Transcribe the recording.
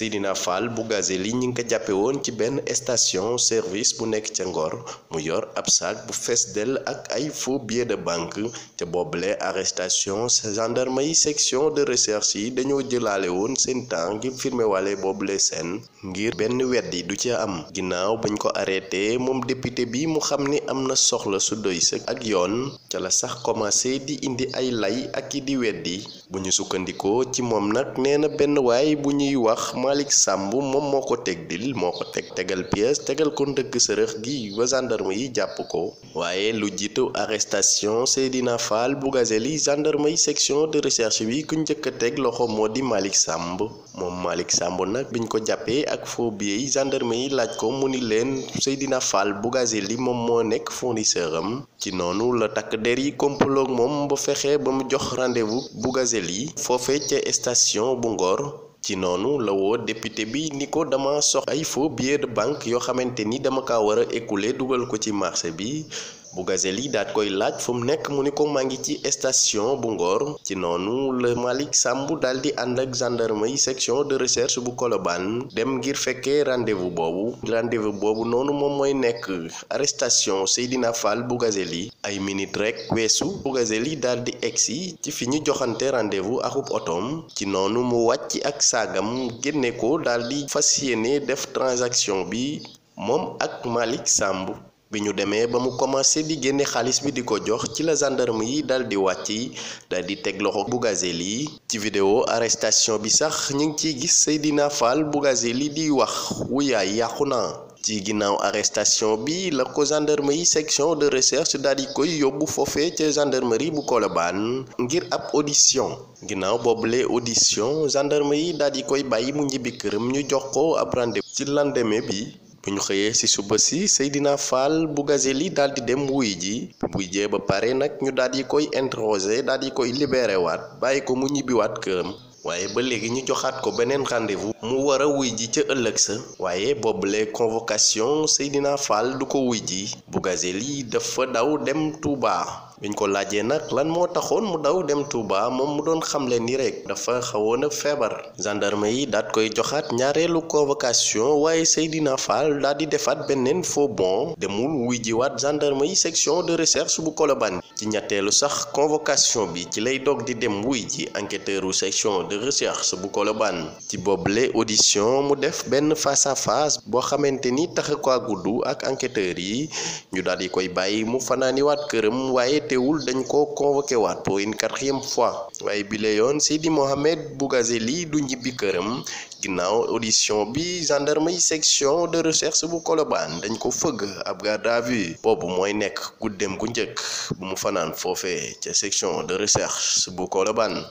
Seydina Fall Bougazelli ñi ngi ko jàppe woon ci benn station service bu nekk ca Ngor mu yor ab saag bu fees dell ak ay faux de banque ca boobule arrestation gendarmerie section de recherche yi dañoo jëlaale woon seen temps ngir firme waale boobule seen ngir benn weddi du ca am ginnaaw bañ ko arrêté moom député bi mu xam ni am na soxla su doy sëkk ak yoon ca la sax commencé di indi ay lay ak i di weddi bu sukkandikoo ci moom nag nee benn waay bu ñuy Malick Samb moom moo ko teg dil moo ko teg tegal pièce tegal ko ndëgg sërëx gi ba gendarme yi jàpp ko waaye lu jiitu arrestation Seydina Fall Bougazelli gendarmerie section de recherche bi ku njëkk a teg loxo moo di Malick Samb moom Malick Samb nag biñ ko jàppee ak faux billets yi gendarme yi laaj ko mu ni leen Seydina Fall Bougazelli moom moo nekk fournisseur am ci noonu la takk der yi kompaloog moom ba fexe ba mu jox rendez-vous Bougazelli foofe ca station bu Ngor ci noonu la woo député bi ni ko dama sox ay faux billets de banque yoo xamante ni dama ko war a écouler dugal ko ci marché bi Bougazelli daal koy laaj fu mu nekk mu ni ko maa ngi ci station bu Ngor ci noonu la Malick Samb daal di ànd ak gendarmerie section de recherche bu Colobane dem ngir fekkee rendez-vous boobu rendez boobu noonu moom mooy nekk arrestation Seydina Fall Bougazelli ay minute rek weesu Bougazelli daal di egsi ci fi ñu joxante rendez-vous akub otoom ci noonu mu wàcc ak saagam génne ko daal di fas yéene def transaction bi moom ak Malick Samb. bi ñu demee ba mu commencé di génne xaalis bi di ko jox ci la gendarme yi dal di wàcc dal di teg loxo Bougazelli ci vidéo arrestation bi sax ñu ngi ciy gis Seydina Fall Bougazelli di wax wuyaay yàqu na ci ginnaaw arrestation bi la ko gendarmerie section de recherche daal di koy yóbbu foofee ca gendarmerie bu Colobane ngir ab audition ginnaaw boobule audition yi daal di koy bàyyi mu ñibbi këram ñu jox ko ab rendez-vous ci lendemain bi. bu ñu xëyee ci suba si Seydina Fall Bougazelli daal di dem wuy ji buy jee ba pare nag ñu daal di koy interroger daal di koy libéré waat bàyyi ko mu ñibbiwaat këram. waaye ba léegi ñu joxaat ko beneen rendez-vous mu war a wuy ji ca ëllëg sa waaye boobule convocation Seydina Fall du ko wuy ji Bougazelli dafa daw dem Touba. biñ ko laajee nag lan moo taxoon mu daw dem Touba moom mu doon xamle nii rek dafa xawoon a feebar gendarme yi daat koy joxaat ñaareelu convocation waaye Seydina Fall daal di defaat beneen faux bond demul wuy jiwaat gendarme yi section de recherche bu Colobane ci ñetteelu sax convocation bi ci lay dog di dem wuy ji enquêteuru section de recherche bu Colobane ci boobule audition mu def benn face à boo xamante ni tax ko gudd ak enquêteurs yi ñu daal di koy bàyyi mu fanaani waat këram waaye teewul dañ ko convoqué waat pour une quatrième fois waaye bi la yoon Seydi Mohamed Bougazeli du ñibbi këram ginnaaw audition bi gendarmerie section de recherche bu Colobane dañ ko fëgg ab garde à vue boobu mooy nekk guddem ku njëkk bu mu fanaan foofee ca section de recherche bu Colobane